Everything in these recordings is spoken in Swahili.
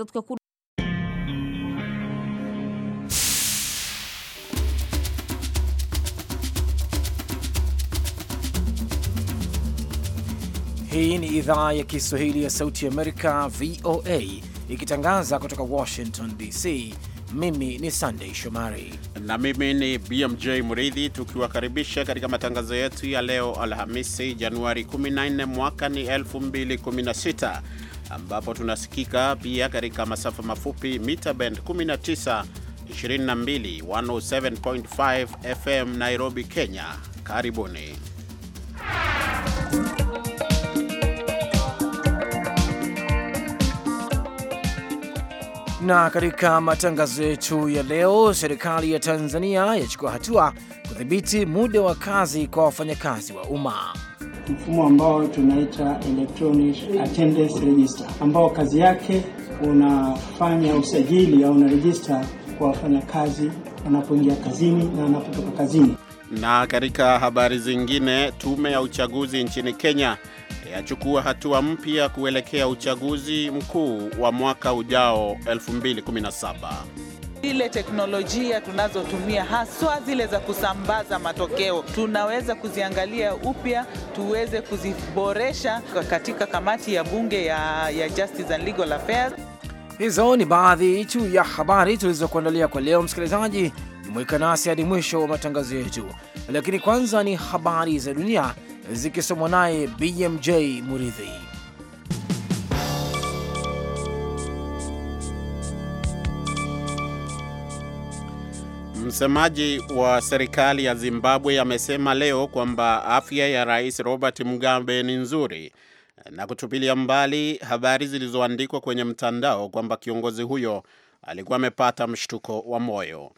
Katika ku... Hii ni idhaa ya Kiswahili ya Sauti Amerika, VOA, ikitangaza kutoka Washington DC. Mimi ni sandei Shomari na mimi ni BMJ Mridhi, tukiwakaribisha katika matangazo yetu ya leo Alhamisi, Januari 14 mwaka ni 2016 ambapo tunasikika pia katika masafa mafupi mita band 19, 22, 107.5 FM Nairobi, Kenya. Karibuni. Na katika matangazo yetu ya leo, serikali ya Tanzania yachukua hatua kudhibiti muda wa kazi kwa wafanyakazi wa umma mfumo ambao tunaita electronic attendance register, ambao kazi yake unafanya usajili au register kwa wafanyakazi wanapoingia kazini na wanapotoka kazini. Na katika habari zingine, tume ya uchaguzi nchini Kenya yachukua hatua mpya kuelekea uchaguzi mkuu wa mwaka ujao 2017. Zile teknolojia tunazotumia haswa zile za kusambaza matokeo tunaweza kuziangalia upya, tuweze kuziboresha katika kamati ya bunge ya, ya Justice and Legal Affairs. Hizo ni baadhi tu ya habari tulizokuandalia kwa leo. Msikilizaji, jumuika nasi hadi mwisho wa matangazo yetu, lakini kwanza ni habari za dunia zikisomwa naye BMJ Muridhi. Msemaji wa serikali ya Zimbabwe amesema leo kwamba afya ya Rais Robert Mugabe ni nzuri na kutupilia mbali habari zilizoandikwa kwenye mtandao kwamba kiongozi huyo alikuwa amepata mshtuko wa moyo.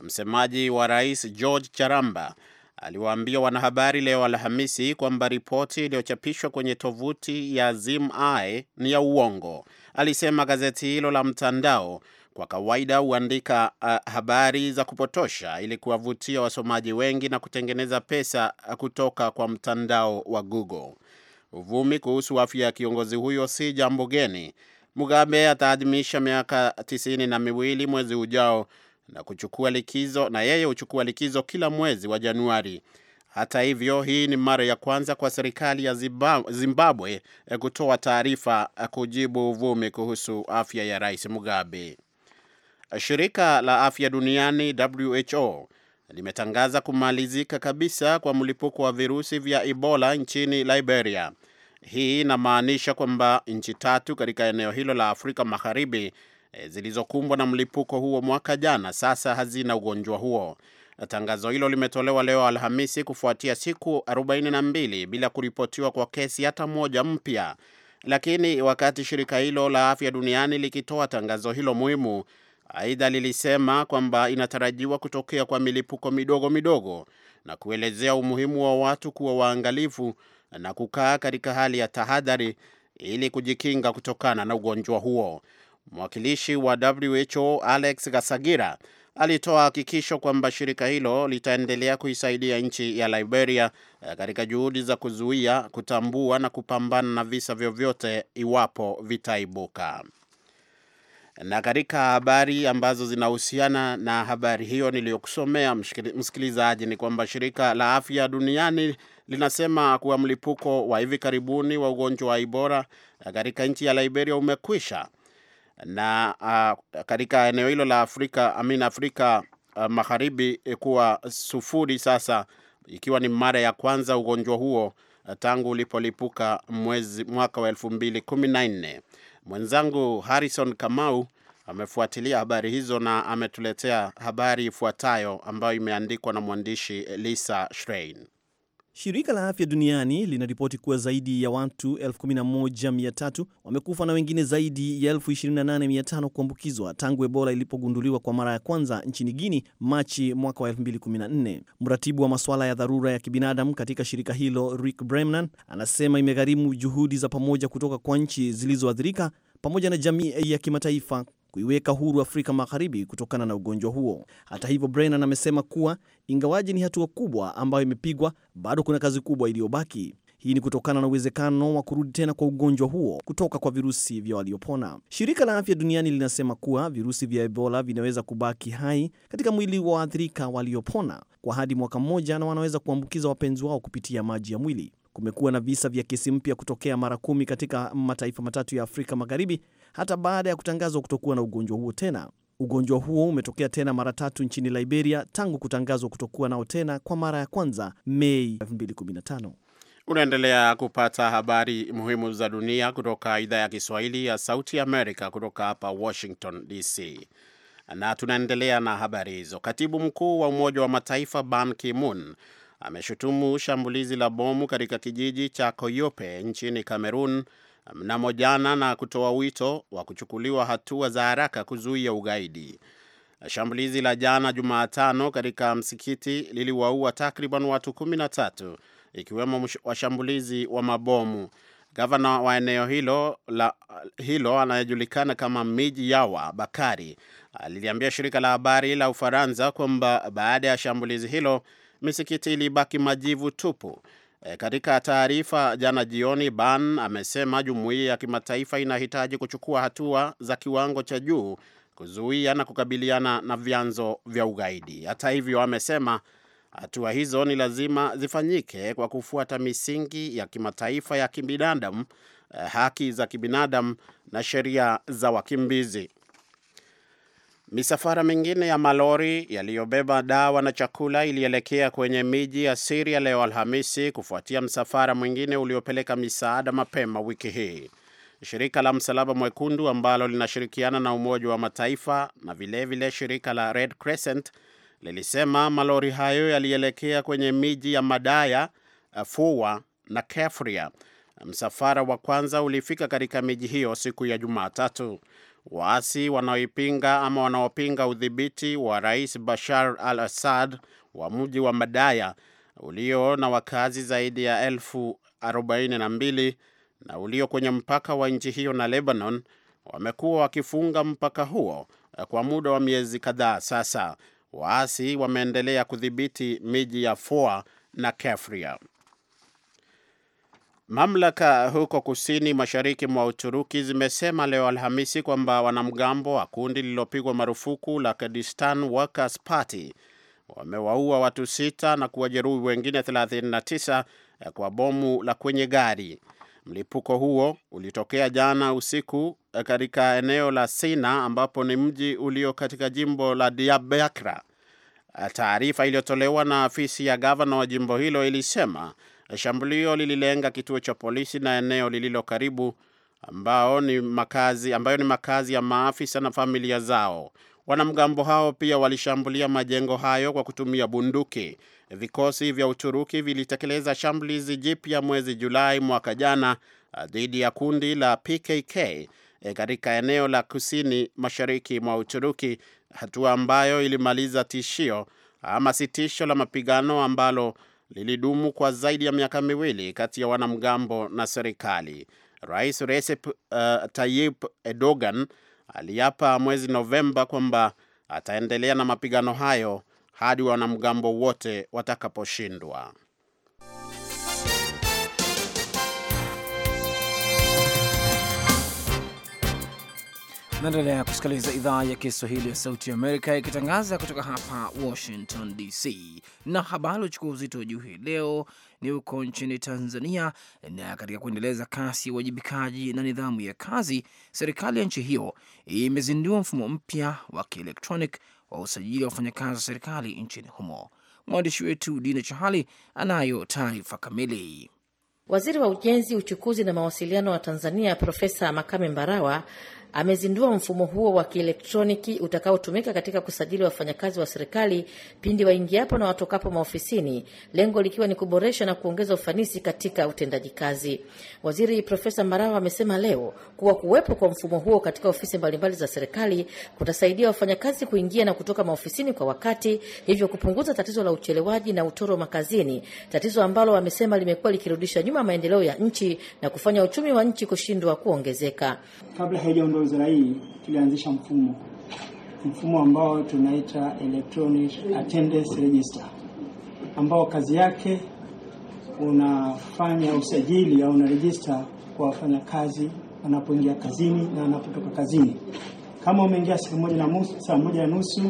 Msemaji wa Rais George Charamba aliwaambia wanahabari leo Alhamisi kwamba ripoti iliyochapishwa kwenye tovuti ya ZimEye ni ya uongo. Alisema gazeti hilo la mtandao kwa kawaida huandika uh, habari za kupotosha ili kuwavutia wasomaji wengi na kutengeneza pesa uh, kutoka kwa mtandao wa Google. Uvumi kuhusu afya ya kiongozi huyo si jambo geni. Mugabe ataadhimisha miaka tisini na miwili mwezi ujao na kuchukua likizo, na yeye huchukua likizo kila mwezi wa Januari. Hata hivyo, hii ni mara ya kwanza kwa serikali ya Zimbabwe uh, kutoa taarifa uh, kujibu uvumi kuhusu afya ya Rais Mugabe. Shirika la Afya Duniani WHO limetangaza kumalizika kabisa kwa mlipuko wa virusi vya Ebola nchini Liberia. Hii inamaanisha kwamba nchi tatu katika eneo hilo la Afrika Magharibi eh, zilizokumbwa na mlipuko huo mwaka jana sasa hazina ugonjwa huo. Tangazo hilo limetolewa leo Alhamisi kufuatia siku 42 bila kuripotiwa kwa kesi hata moja mpya. Lakini wakati shirika hilo la afya duniani likitoa tangazo hilo muhimu, Aidha, lilisema kwamba inatarajiwa kutokea kwa milipuko midogo midogo na kuelezea umuhimu wa watu kuwa waangalifu na kukaa katika hali ya tahadhari ili kujikinga kutokana na ugonjwa huo. Mwakilishi wa WHO Alex Gasagira alitoa hakikisho kwamba shirika hilo litaendelea kuisaidia nchi ya Liberia eh, katika juhudi za kuzuia, kutambua na kupambana na visa vyovyote iwapo vitaibuka. Na katika habari ambazo zinahusiana na habari hiyo niliyokusomea, msikilizaji, ni kwamba shirika la afya duniani linasema kuwa mlipuko wa hivi karibuni wa ugonjwa wa Ebola katika nchi ya Liberia umekwisha na uh, katika eneo hilo la Afrika amin Afrika uh, magharibi e, kuwa sufuri sasa, ikiwa ni mara ya kwanza ugonjwa huo tangu ulipolipuka mwezi mwaka wa elfu mbili kumi na nne. Mwenzangu Harrison Kamau amefuatilia habari hizo na ametuletea habari ifuatayo ambayo imeandikwa na mwandishi Lisa Shrein. Shirika la Afya Duniani linaripoti kuwa zaidi ya watu 11,300 wamekufa na wengine zaidi ya 28,500 kuambukizwa tangu Ebola ilipogunduliwa kwa mara ya kwanza nchini Guini Machi mwaka wa 2014. Mratibu wa masuala ya dharura ya kibinadamu katika shirika hilo Rick Bremnan anasema imegharimu juhudi za pamoja kutoka kwa nchi zilizoathirika pamoja na jamii ya kimataifa kuiweka huru Afrika Magharibi kutokana na ugonjwa huo. Hata hivyo, Brennan amesema kuwa ingawaji ni hatua kubwa ambayo imepigwa, bado kuna kazi kubwa iliyobaki. Hii ni kutokana na uwezekano wa kurudi tena kwa ugonjwa huo kutoka kwa virusi vya waliopona. Shirika la Afya Duniani linasema kuwa virusi vya Ebola vinaweza kubaki hai katika mwili wa waathirika waliopona kwa hadi mwaka mmoja, na wanaweza kuambukiza wapenzi wao kupitia maji ya mwili. Kumekuwa na visa vya kesi mpya kutokea mara kumi katika mataifa matatu ya Afrika Magharibi hata baada ya kutangazwa kutokuwa na ugonjwa huo tena. Ugonjwa huo umetokea tena mara tatu nchini Liberia tangu kutangazwa kutokuwa nao tena kwa mara ya kwanza Mei 2015. Unaendelea kupata habari muhimu za dunia kutoka idhaa ya Kiswahili ya Sauti Amerika kutoka hapa Washington DC, na tunaendelea na habari hizo. Katibu mkuu wa Umoja wa Mataifa Ban Ki-moon ameshutumu shambulizi la bomu katika kijiji cha Koyope nchini Kamerun mnamo jana na kutoa wito wa kuchukuliwa hatua za haraka kuzuia ugaidi. Shambulizi la jana Jumatano katika msikiti liliwaua takriban watu kumi na tatu ikiwemo washambulizi wa mabomu. Gavana wa eneo hilo, hilo anayejulikana kama Miji Yawa Bakari aliliambia shirika la habari la Ufaransa kwamba baada ya shambulizi hilo misikiti ilibaki majivu tupu. E, katika taarifa jana jioni, Ban amesema jumuiya ya kimataifa inahitaji kuchukua hatua za kiwango cha juu kuzuia na kukabiliana na vyanzo vya ugaidi. Hata hivyo, amesema hatua hizo ni lazima zifanyike kwa kufuata misingi ya kimataifa ya kibinadamu, e, haki za kibinadamu na sheria za wakimbizi. Misafara mingine ya malori yaliyobeba dawa na chakula ilielekea kwenye miji ya Siria leo Alhamisi kufuatia msafara mwingine uliopeleka misaada mapema wiki hii. Shirika la Msalaba Mwekundu ambalo linashirikiana na Umoja wa Mataifa na vilevile vile shirika la Red Crescent lilisema malori hayo yalielekea kwenye miji ya Madaya, Fuwa na Kefria. Msafara wa kwanza ulifika katika miji hiyo siku ya Jumatatu. Waasi wanaoipinga ama wanaopinga udhibiti wa Rais Bashar al Assad wa mji wa Madaya ulio na wakazi zaidi ya elfu arobaini na mbili na ulio kwenye mpaka wa nchi hiyo na Lebanon wamekuwa wakifunga mpaka huo kwa muda wa miezi kadhaa sasa. Waasi wameendelea kudhibiti miji ya Foa na Kafria. Mamlaka huko kusini mashariki mwa Uturuki zimesema leo Alhamisi kwamba wanamgambo wa kundi lililopigwa marufuku la Kurdistan Workers Party wamewaua watu sita na kuwajeruhi wengine 39 kwa bomu la kwenye gari. Mlipuko huo ulitokea jana usiku katika eneo la Sina ambapo ni mji ulio katika jimbo la Diyarbakir. Taarifa iliyotolewa na afisi ya gavana wa jimbo hilo ilisema Shambulio lililenga kituo cha polisi na eneo lililo karibu ambao ni makazi, ambayo ni makazi ya maafisa na familia zao. Wanamgambo hao pia walishambulia majengo hayo kwa kutumia bunduki. Vikosi vya Uturuki vilitekeleza shambulizi jipya mwezi Julai mwaka jana ah, dhidi ya kundi la PKK eh, katika eneo la kusini mashariki mwa Uturuki, hatua ambayo ilimaliza tishio ama sitisho la mapigano ambalo lilidumu kwa zaidi ya miaka miwili kati ya wanamgambo na serikali. Rais Recep uh, Tayyip Erdogan aliapa mwezi Novemba kwamba ataendelea na mapigano hayo hadi wanamgambo wote watakaposhindwa. Naendelea kusikiliza idhaa ya Kiswahili ya Sauti Amerika ikitangaza kutoka hapa Washington DC, na habari uchukua uzito wa juu hii leo ni huko nchini Tanzania. Na katika kuendeleza kasi ya uwajibikaji na nidhamu ya kazi, serikali ya nchi hiyo imezindua mfumo mpya wa kielektronic wa usajili wa wafanyakazi wa serikali nchini humo. Mwandishi wetu Dina Chahali anayo taarifa kamili. Waziri wa Ujenzi, Uchukuzi na Mawasiliano wa Tanzania Profesa Makame Mbarawa amezindua mfumo huo wa kielektroniki utakaotumika katika kusajili wafanyakazi wa serikali pindi waingiapo na watokapo maofisini, lengo likiwa ni kuboresha na kuongeza ufanisi katika utendaji kazi. Waziri Profesa Mbarawa amesema leo kuwa kuwepo kwa mfumo huo katika ofisi mbalimbali za serikali kutasaidia wafanyakazi kuingia na kutoka maofisini kwa wakati, hivyo kupunguza tatizo la uchelewaji na utoro makazini, tatizo ambalo amesema limekuwa likirudisha nyuma maendeleo ya nchi na kufanya uchumi wa nchi kushindwa kuongezeka kabla wizara hii tulianzisha mfumo mfumo ambao tunaita electronic attendance register, ambao kazi yake unafanya usajili au una register kwa wafanyakazi wanapoingia kazini na wanapotoka kazini. Kama umeingia saa moja na nusu, saa moja na nusu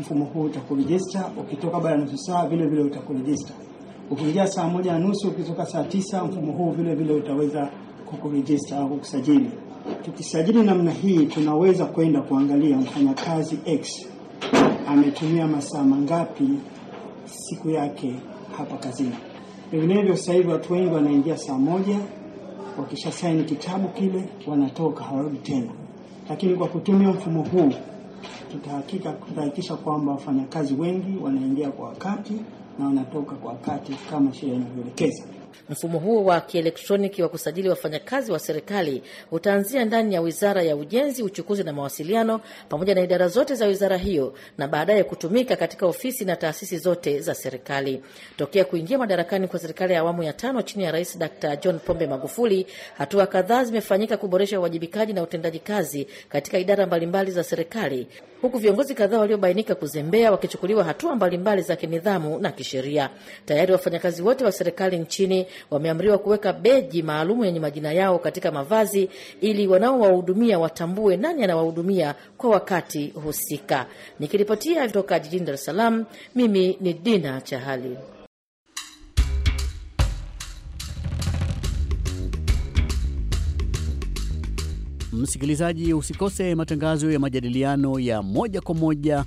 mfumo huu utakurejista. Ukitoka baada ya nusu saa vile vile utakurejista. Ukiingia saa moja na nusu ukitoka saa tisa mfumo huu vile vile utaweza kukurejista au kukusajili. Tukisajili namna hii, tunaweza kwenda kuangalia mfanyakazi X ametumia masaa mangapi siku yake hapa kazini. Vinginevyo sasa hivi watu wengi wanaingia saa moja, wakisha saini kitabu kile wanatoka, hawarudi tena. Lakini kwa kutumia mfumo huu tutahakika tutahakikisha kwamba wafanyakazi wengi wanaingia kwa wakati na wanatoka kwa wakati kama sheria inavyoelekeza. Mfumo huo wa kielektroniki wa kusajili wafanyakazi wa serikali utaanzia ndani ya Wizara ya Ujenzi, Uchukuzi na Mawasiliano pamoja na idara zote za wizara hiyo na baadaye kutumika katika ofisi na taasisi zote za serikali. Tokea kuingia madarakani kwa serikali ya awamu ya tano chini ya Rais Dkt. John Pombe Magufuli, hatua kadhaa zimefanyika kuboresha uwajibikaji na utendaji kazi katika idara mbalimbali za serikali, huku viongozi kadhaa waliobainika kuzembea wakichukuliwa hatua mbalimbali za kinidhamu na kisheria. Tayari wafanyakazi wote wa serikali nchini wameamriwa kuweka beji maalum yenye majina yao katika mavazi ili wanaowahudumia watambue nani anawahudumia kwa wakati husika. Nikiripotia kutoka jijini Dar es Salaam, mimi ni Dina Chahali. Msikilizaji, usikose matangazo ya majadiliano ya moja kwa moja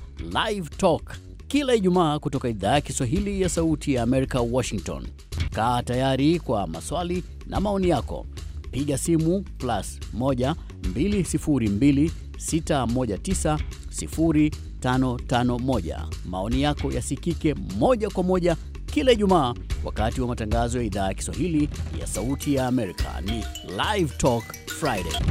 Live Talk kila Ijumaa kutoka idhaa ya Kiswahili ya Sauti ya Amerika, Washington. Kaa tayari kwa maswali na maoni yako, piga simu plus 1 Maoni yako yasikike moja kwa moja kila Ijumaa wakati wa matangazo ya idhaa ya Kiswahili ya Sauti ya Amerika. Ni Live Talk Friday.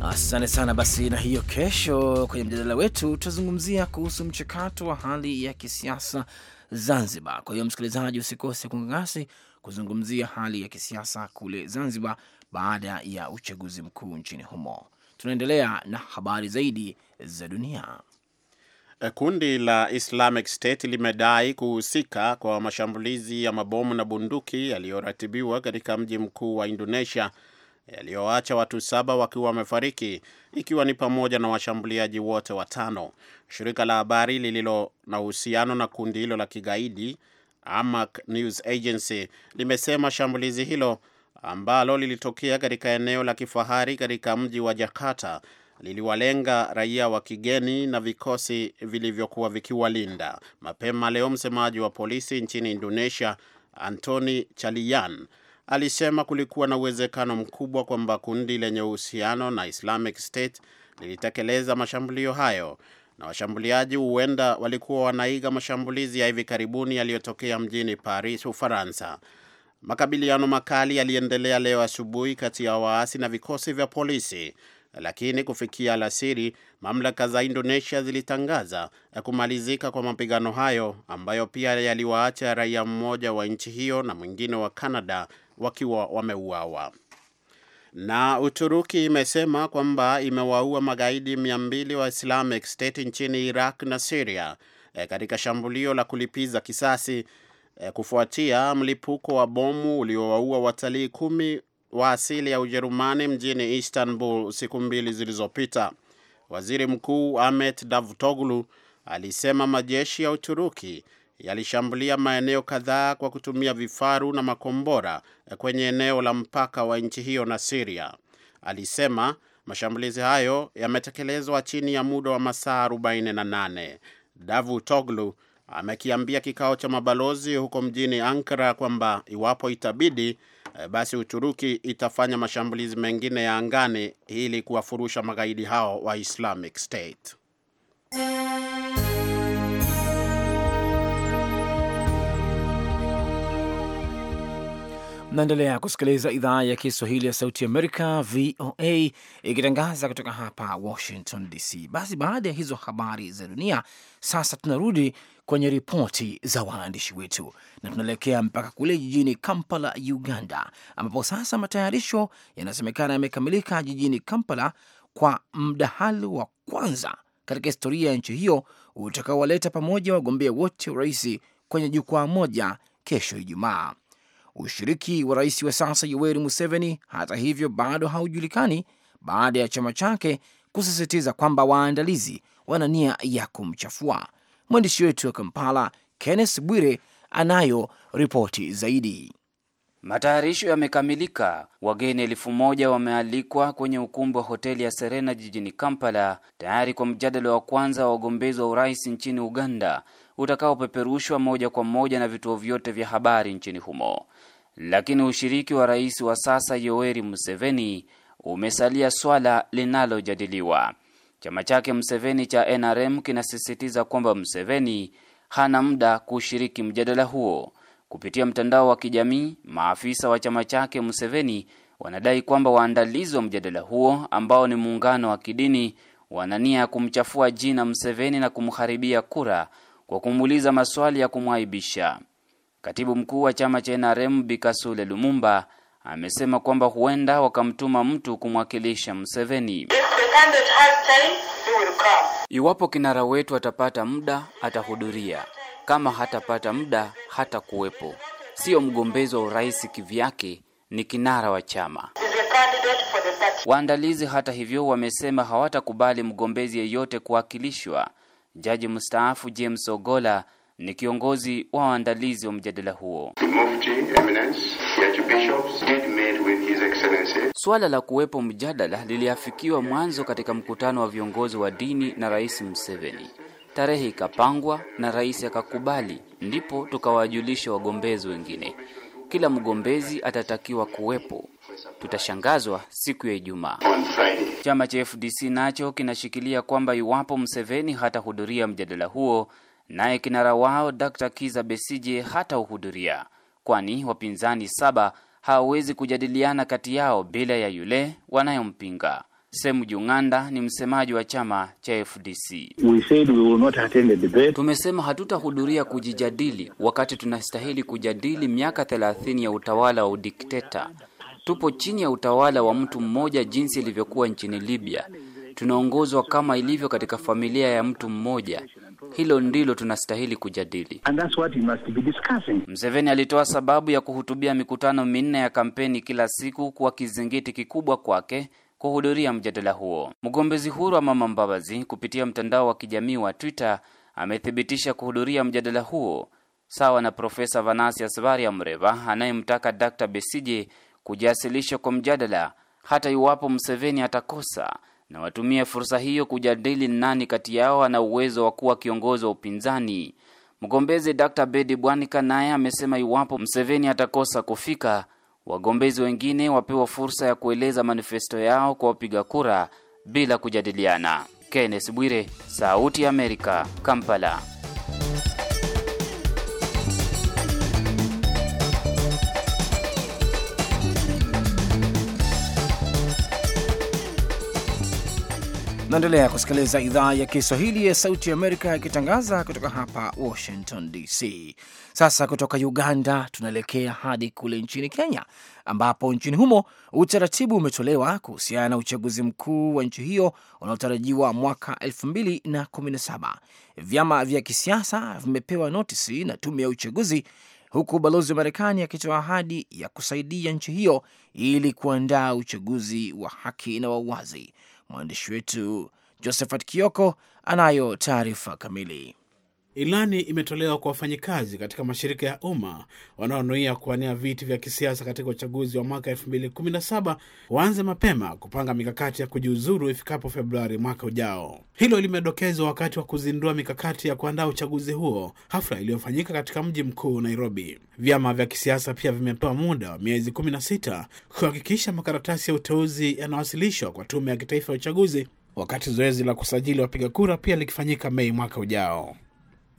Asante sana. Basi na hiyo, kesho kwenye mjadala wetu tutazungumzia kuhusu mchakato wa hali ya kisiasa Zanzibar. Kwa hiyo, msikilizaji, usikose kungang'asi kuzungumzia hali ya kisiasa kule Zanzibar baada ya uchaguzi mkuu nchini humo. Tunaendelea na habari zaidi za dunia. E, kundi la Islamic State limedai kuhusika kwa mashambulizi ya mabomu na bunduki yaliyoratibiwa katika mji mkuu wa Indonesia yaliyoacha watu saba wakiwa wamefariki ikiwa ni pamoja na washambuliaji wote watano. Shirika la habari lililo na uhusiano na kundi hilo la kigaidi Amaq News Agency limesema shambulizi hilo ambalo lilitokea katika eneo la kifahari katika mji wa Jakarta liliwalenga raia wa kigeni na vikosi vilivyokuwa vikiwalinda. Mapema leo msemaji wa polisi nchini Indonesia Antoni Chalian alisema kulikuwa na uwezekano mkubwa kwamba kundi lenye uhusiano na Islamic State lilitekeleza mashambulio hayo na washambuliaji huenda walikuwa wanaiga mashambulizi ya hivi karibuni yaliyotokea mjini Paris, Ufaransa. Makabiliano makali yaliendelea leo asubuhi kati ya waasi na vikosi vya polisi, lakini kufikia alasiri, mamlaka za Indonesia zilitangaza kumalizika kwa mapigano hayo ambayo pia yaliwaacha raia mmoja wa nchi hiyo na mwingine wa canada wakiwa wameuawa. Na Uturuki imesema kwamba imewaua magaidi 200 wa Islamic State nchini Iraq na siria e, eh, katika shambulio la kulipiza kisasi e, kufuatia mlipuko wa bomu uliowaua watalii kumi wa asili ya Ujerumani mjini Istanbul siku mbili zilizopita. Waziri Mkuu Ahmet Davutoglu alisema majeshi ya Uturuki yalishambulia maeneo kadhaa kwa kutumia vifaru na makombora kwenye eneo la mpaka wa nchi hiyo na Siria. Alisema mashambulizi hayo yametekelezwa chini ya muda wa masaa 48. davu toglu amekiambia kikao cha mabalozi huko mjini Ankara kwamba iwapo itabidi eh, basi Uturuki itafanya mashambulizi mengine ya angani ili kuwafurusha magaidi hao wa Islamic State. naendelea kusikiliza idhaa ya Kiswahili ya Sauti Amerika, VOA, ikitangaza kutoka hapa Washington DC. Basi baada ya hizo habari za dunia, sasa tunarudi kwenye ripoti za waandishi wetu na tunaelekea mpaka kule jijini Kampala, Uganda, ambapo sasa matayarisho yanasemekana yamekamilika jijini Kampala kwa mdahalo wa kwanza katika historia ya nchi hiyo utakaowaleta pamoja wagombea wote urais kwenye jukwaa moja kesho Ijumaa. Ushiriki wa rais wa sasa Yoweri Museveni, hata hivyo, bado haujulikani baada ya chama chake kusisitiza kwamba waandalizi wana nia ya kumchafua. Mwandishi wetu wa Kampala Kenneth Bwire anayo ripoti zaidi. Matayarisho yamekamilika. Wageni elfu moja wamealikwa kwenye ukumbi wa hoteli ya Serena jijini Kampala, tayari kwa mjadala wa kwanza wa wagombezi wa urais nchini Uganda utakaopeperushwa moja kwa moja na vituo vyote vya habari nchini humo lakini ushiriki wa rais wa sasa Yoweri Museveni umesalia swala linalojadiliwa. Chama chake Museveni cha NRM kinasisitiza kwamba Museveni hana muda kushiriki mjadala huo. Kupitia mtandao wa kijamii, maafisa wa chama chake Museveni wanadai kwamba waandalizi wa mjadala huo ambao ni muungano wa kidini wana nia ya kumchafua jina Museveni na kumharibia kura kwa kumuuliza maswali ya kumwaibisha. Katibu mkuu wa chama cha NRM Bikasule Lumumba amesema kwamba huenda wakamtuma mtu kumwakilisha mseveni Iwapo kinara wetu atapata muda atahudhuria, kama hatapata muda hata kuwepo. Sio mgombezi wa urais kivyake, ni kinara wa chama. Waandalizi hata hivyo wamesema hawatakubali mgombezi yeyote kuwakilishwa. Jaji mstaafu James Ogola ni kiongozi wa waandalizi wa mjadala huo. Suala la kuwepo mjadala liliafikiwa mwanzo katika mkutano wa viongozi wa dini na Rais Museveni. Tarehe ikapangwa na rais akakubali, ndipo tukawajulisha wagombezi wengine. Kila mgombezi atatakiwa kuwepo. Tutashangazwa siku ya Ijumaa. Chama cha FDC nacho kinashikilia kwamba iwapo Museveni hatahudhuria mjadala huo naye kinara wao Dr. Kiza Besije hatahudhuria, kwani wapinzani saba hawawezi kujadiliana kati yao bila ya yule wanayompinga. Semu Jung'anda ni msemaji wa chama cha FDC. We said we will not attend the debate. Tumesema hatutahudhuria kujijadili wakati tunastahili kujadili miaka 30 ya utawala wa udikteta. Tupo chini ya utawala wa mtu mmoja jinsi ilivyokuwa nchini Libya. Tunaongozwa kama ilivyo katika familia ya mtu mmoja. Hilo ndilo tunastahili kujadili. Mseveni alitoa sababu ya kuhutubia mikutano minne ya kampeni kila siku kuwa kizingiti kikubwa kwake kuhudhuria mjadala huo. Mgombezi huru wa Mama Mbabazi kupitia mtandao wa kijamii wa Twitter amethibitisha kuhudhuria mjadala huo sawa na Profesa Vanasius Varia Mreva anayemtaka Dr. Besije kujiasilisha kwa mjadala hata iwapo Mseveni atakosa na watumie fursa hiyo kujadili nani kati yao ana uwezo wa kuwa kiongozi wa upinzani. Mgombezi Dr. Bedi Bwanika naye amesema iwapo Mseveni atakosa kufika, wagombezi wengine wapewa fursa ya kueleza manifesto yao kwa wapiga kura bila kujadiliana. Kenneth Bwire, Sauti ya Amerika, Kampala. Naendelea kusikiliza idhaa ya Kiswahili ya Sauti ya Amerika ikitangaza kutoka hapa Washington DC. Sasa kutoka Uganda tunaelekea hadi kule nchini Kenya, ambapo nchini humo utaratibu umetolewa kuhusiana na uchaguzi mkuu wa nchi hiyo unaotarajiwa mwaka 2017. Vyama vya kisiasa vimepewa notisi na tume ya uchaguzi, huku balozi wa Marekani akitoa ahadi ya kusaidia nchi hiyo ili kuandaa uchaguzi wa haki na wa uwazi. Mwandishi wetu Josephat Kioko anayo taarifa kamili. Ilani imetolewa kwa wafanyikazi katika mashirika ya umma wanaonuia kuwania viti vya kisiasa katika uchaguzi wa mwaka 2017 waanze mapema kupanga mikakati ya kujiuzuru ifikapo Februari mwaka ujao. Hilo limedokezwa wakati wa kuzindua mikakati ya kuandaa uchaguzi huo, hafla iliyofanyika katika mji mkuu Nairobi. Vyama vya kisiasa pia vimepewa muda wa miezi 16 kuhakikisha makaratasi ya uteuzi yanawasilishwa kwa Tume ya Kitaifa ya Uchaguzi, wakati zoezi la kusajili wapiga kura pia likifanyika Mei mwaka ujao.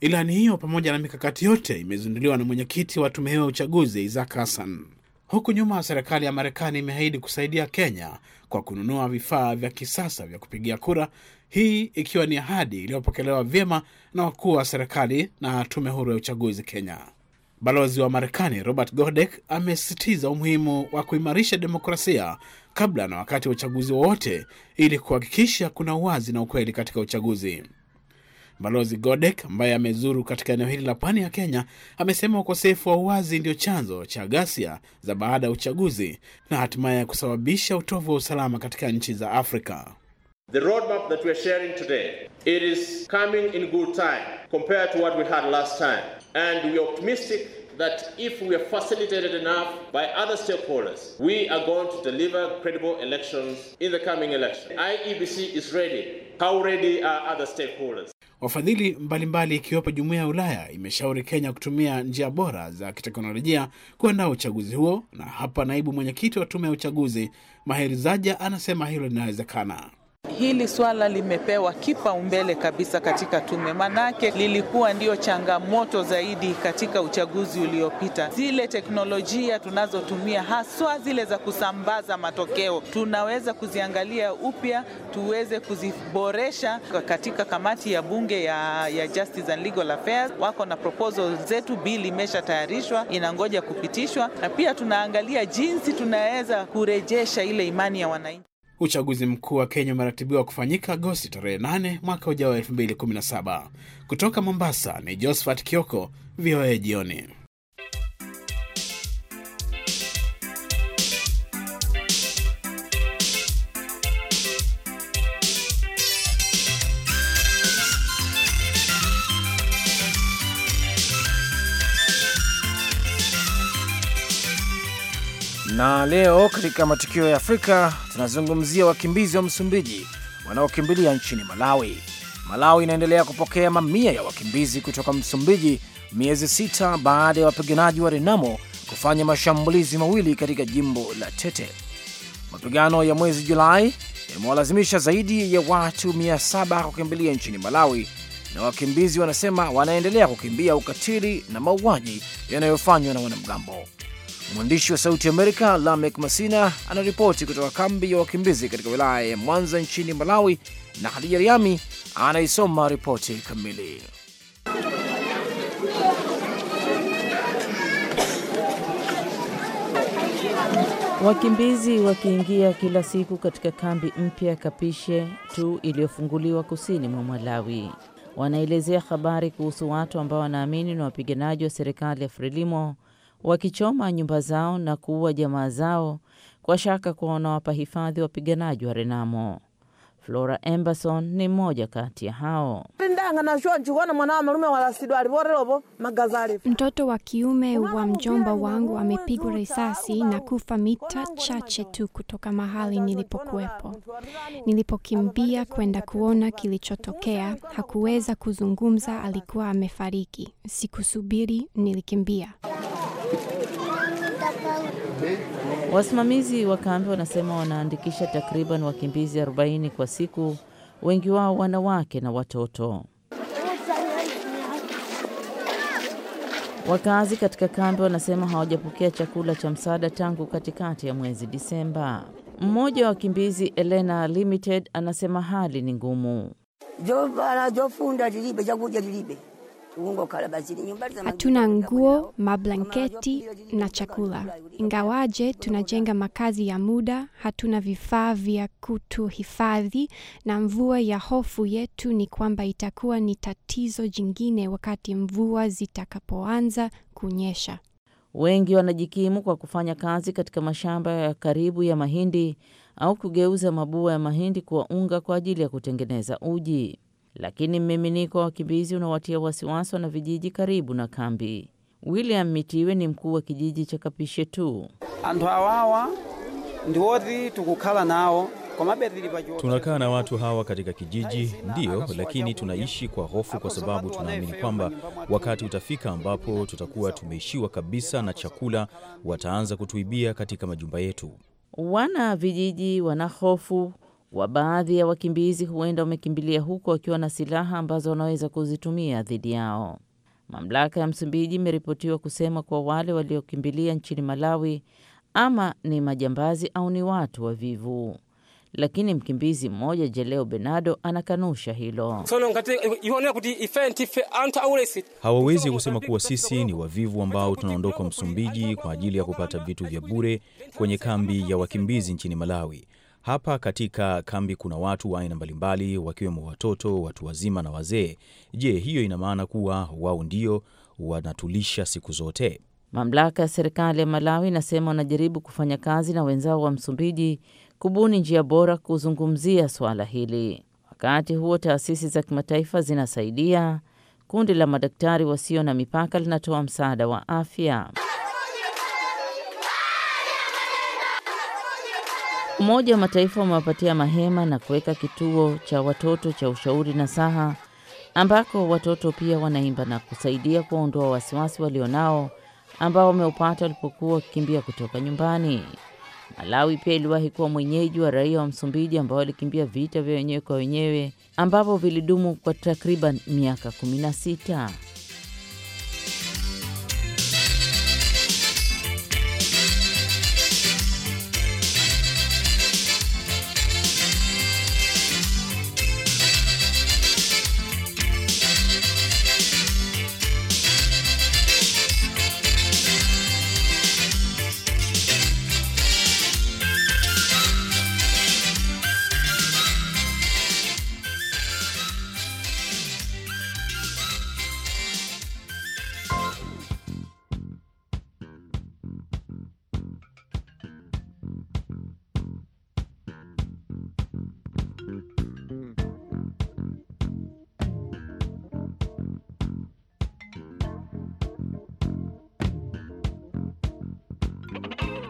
Ilani hiyo pamoja na mikakati yote imezinduliwa na mwenyekiti wa tume hiyo ya uchaguzi Isaac Hassan. Huku nyuma serikali ya Marekani imeahidi kusaidia Kenya kwa kununua vifaa vya kisasa vya kupigia kura, hii ikiwa ni ahadi iliyopokelewa vyema na wakuu wa serikali na tume huru ya uchaguzi Kenya. Balozi wa Marekani Robert Godek amesisitiza umuhimu wa kuimarisha demokrasia kabla na wakati wa uchaguzi wowote, ili kuhakikisha kuna uwazi na ukweli katika uchaguzi. Balozi Godek ambaye amezuru katika eneo hili la pwani ya Kenya amesema ukosefu wa uwazi ndio chanzo cha ghasia za baada ya uchaguzi na hatimaye ya kusababisha utovu wa usalama katika nchi za Afrika. The roadmap that we are sharing today, it is coming in good time compared to what we had last time. And we are optimistic that if we are facilitated enough by other stakeholders, we are going to deliver credible elections in the coming election. IEBC is ready. How ready are other stakeholders? Wafadhili mbalimbali ikiwepo jumuiya ya Ulaya imeshauri Kenya kutumia njia bora za kiteknolojia kuandaa uchaguzi huo, na hapa naibu mwenyekiti wa tume ya uchaguzi Maheri Zaja anasema hilo linawezekana. Hili swala limepewa kipaumbele kabisa katika tume, manake lilikuwa ndio changamoto zaidi katika uchaguzi uliopita. Zile teknolojia tunazotumia haswa zile za kusambaza matokeo tunaweza kuziangalia upya, tuweze kuziboresha. Katika kamati ya bunge ya, ya Justice and Legal Affairs wako na proposal zetu, bili imeshatayarishwa inangoja kupitishwa, na pia tunaangalia jinsi tunaweza kurejesha ile imani ya wananchi. Uchaguzi mkuu wa Kenya umeratibiwa kufanyika Agosti tarehe 8 mwaka ujao wa 217 Kutoka Mombasa ni Josephat Kioko, VOA Jioni. Na leo katika matukio ya Afrika tunazungumzia wakimbizi wa Msumbiji wanaokimbilia nchini Malawi. Malawi inaendelea kupokea mamia ya wakimbizi kutoka Msumbiji miezi sita baada ya wapiganaji wa Renamo kufanya mashambulizi mawili katika jimbo la Tete. Mapigano ya mwezi Julai yamewalazimisha zaidi ya watu 700 kukimbilia nchini Malawi, na wakimbizi wanasema wanaendelea kukimbia ukatili na mauaji yanayofanywa na wanamgambo. Mwandishi wa Sauti Amerika Lamek Masina anaripoti kutoka kambi ya wakimbizi katika wilaya ya Mwanza nchini Malawi, na Hadija Riami anaisoma ripoti kamili. Wakimbizi wakiingia kila siku katika kambi mpya ya Kapishe tu iliyofunguliwa kusini mwa Malawi, wanaelezea habari kuhusu watu ambao wanaamini na wapiganaji wa serikali ya Frelimo wakichoma nyumba zao na kuua jamaa zao kwa shaka kuwa wanawapa hifadhi wapiganaji wa Renamo. Flora Emberson ni mmoja kati ya hao. Mtoto wa kiume wa mjomba wangu amepigwa risasi na kufa mita chache tu kutoka mahali nilipokuwepo. Nilipokimbia kwenda kuona kilichotokea, hakuweza kuzungumza, alikuwa amefariki. Sikusubiri, nilikimbia. Wasimamizi wa kambi wanasema wanaandikisha takriban wakimbizi 40 kwa siku, wengi wao wanawake na watoto. Wakazi katika kambi wanasema hawajapokea chakula cha msaada tangu katikati ya mwezi Disemba. Mmoja wa wakimbizi Elena Limited anasema hali ni ngumu. Hatuna nguo, mablanketi na chakula. Ingawaje tunajenga makazi ya muda, hatuna vifaa vya kutuhifadhi, na mvua ya hofu yetu ni kwamba itakuwa ni tatizo jingine wakati mvua zitakapoanza kunyesha. Wengi wanajikimu kwa kufanya kazi katika mashamba ya karibu ya mahindi au kugeuza mabua ya mahindi kuwa unga kwa ajili ya kutengeneza uji lakini mmiminiko wa wakimbizi unawatia wasiwasi wana vijiji karibu na kambi. William Mitiwe ni mkuu wa kijiji cha Kapishe tu. antu hawawa ndiwodhi tukukala nao Tunakaa na watu hawa katika kijiji ndiyo, lakini tunaishi kwa hofu, kwa sababu tunaamini kwamba wakati utafika ambapo tutakuwa tumeishiwa kabisa na chakula, wataanza kutuibia katika majumba yetu. Wana vijiji wana hofu wa baadhi ya wakimbizi huenda wamekimbilia huko wakiwa na silaha ambazo wanaweza kuzitumia dhidi yao. Mamlaka ya Msumbiji imeripotiwa kusema kwa wale waliokimbilia nchini Malawi ama ni majambazi au ni watu wavivu, lakini mkimbizi mmoja Jeleo Benado anakanusha hilo. Hawawezi kusema kuwa sisi ni wavivu ambao tunaondoka Msumbiji kwa ajili ya kupata vitu vya bure kwenye kambi ya wakimbizi nchini Malawi. Hapa katika kambi kuna watu wa aina mbalimbali, wakiwemo watoto, watu wazima na wazee. Je, hiyo ina maana kuwa wao ndio wanatulisha siku zote? Mamlaka ya serikali ya Malawi inasema wanajaribu kufanya kazi na wenzao wa Msumbiji kubuni njia bora kuzungumzia suala hili. Wakati huo taasisi za kimataifa zinasaidia. Kundi la madaktari wasio na mipaka linatoa msaada wa afya. Umoja wa Mataifa umewapatia mahema na kuweka kituo cha watoto cha ushauri na saha ambako watoto pia wanaimba na kusaidia kuwaondoa wasiwasi walionao ambao wameupata walipokuwa wakikimbia kutoka nyumbani. Malawi pia iliwahi kuwa mwenyeji wa raia wa Msumbiji ambao walikimbia vita vya wenyewe kwa wenyewe ambavyo vilidumu kwa takriban miaka kumi na sita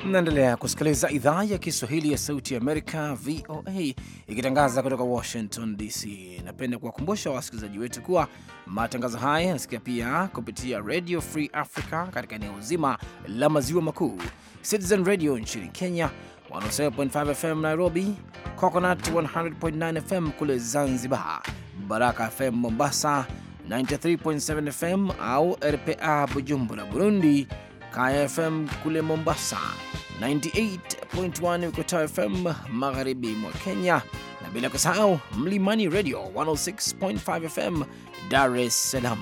Naendelea kusikiliza idhaa ya Kiswahili ya Sauti ya Amerika, VOA, ikitangaza kutoka Washington DC. Napenda kuwakumbusha wasikilizaji wetu kuwa matangazo haya yanasikia pia kupitia Radio Free Africa katika eneo zima la maziwa makuu, Citizen Radio nchini Kenya, 107.5 FM Nairobi, Coconut 100.9 FM kule Zanzibar, Baraka FM Mombasa 93.7 FM au RPA Bujumbura, Burundi, Kaya FM kule Mombasa, 98.1 Ukota FM magharibi mwa Kenya, na bila kusahau Mlimani Radio 106.5 FM Dar es Salaam.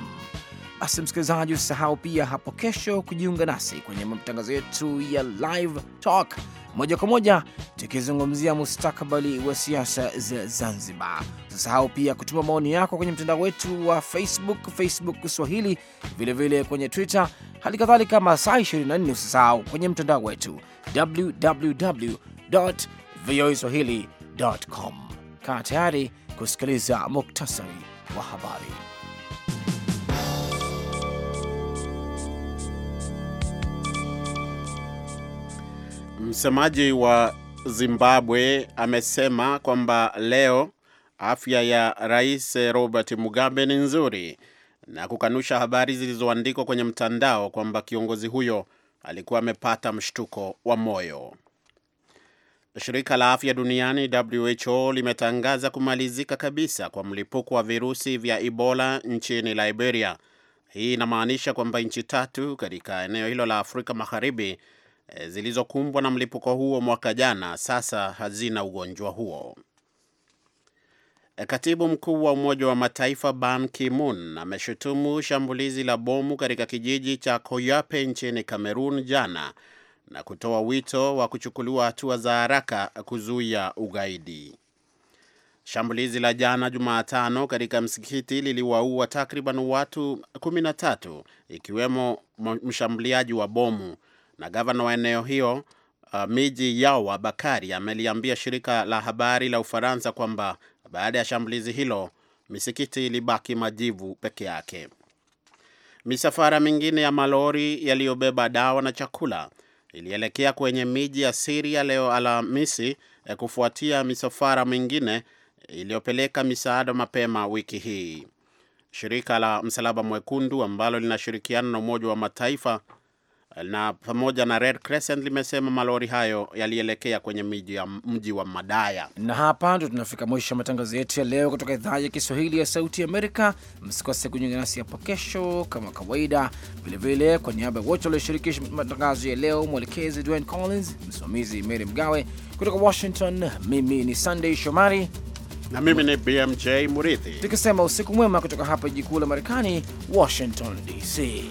Basi msikilizaji, usisahau pia hapo kesho kujiunga nasi kwenye matangazo yetu ya Live Talk moja kwa moja, tukizungumzia mustakabali wa siasa za Zanzibar. Usisahau pia kutuma maoni yako kwenye mtandao wetu wa Facebook, Facebook Swahili, vilevile vile kwenye Twitter, hali kadhalika masaa 24. Usisahau kwenye mtandao wetu www voa swahili com. Kaa tayari kusikiliza muktasari wa habari. Msemaji wa Zimbabwe amesema kwamba leo afya ya Rais Robert Mugabe ni nzuri na kukanusha habari zilizoandikwa kwenye mtandao kwamba kiongozi huyo alikuwa amepata mshtuko wa moyo. Shirika la Afya Duniani WHO limetangaza kumalizika kabisa kwa mlipuko wa virusi vya Ebola nchini Liberia. Hii inamaanisha kwamba nchi tatu katika eneo hilo la Afrika Magharibi Eh, zilizokumbwa na mlipuko huo mwaka jana sasa hazina ugonjwa huo. Eh, katibu mkuu wa Umoja wa Mataifa Ban Ki-moon ameshutumu shambulizi la bomu katika kijiji cha Koyape nchini Kamerun jana na kutoa wito wa kuchukuliwa hatua za haraka kuzuia ugaidi. Shambulizi la jana Jumatano katika msikiti liliwaua takriban watu 13 ikiwemo mshambuliaji wa bomu na gavana wa eneo hiyo uh, miji Yawa Bakari ameliambia shirika la habari la Ufaransa kwamba baada ya shambulizi hilo misikiti ilibaki majivu peke yake. Misafara mingine ya malori yaliyobeba dawa na chakula ilielekea kwenye miji ya Siria leo Alhamisi eh, kufuatia misafara mingine iliyopeleka misaada mapema wiki hii. Shirika la Msalaba Mwekundu ambalo linashirikiana na Umoja wa Mataifa na pamoja na Red Crescent limesema malori hayo yalielekea kwenye miji ya mji wa Madaya. Na hapa ndo tunafika mwisho wa matangazo yetu ya leo kutoka idhaa ya Kiswahili ya Sauti Amerika. Msikose kujiunga nasi hapo kesho kama kawaida. Vilevile, kwa niaba ya wote walioshirikisha matangazo ya leo, mwelekezi Dwayne Collins, msimamizi Mary Mgawe kutoka Washington, mimi ni Sunday Shomari na mimi ni BMJ Murithi, tukisema usiku mwema kutoka hapa jikuu la Marekani, Washington DC.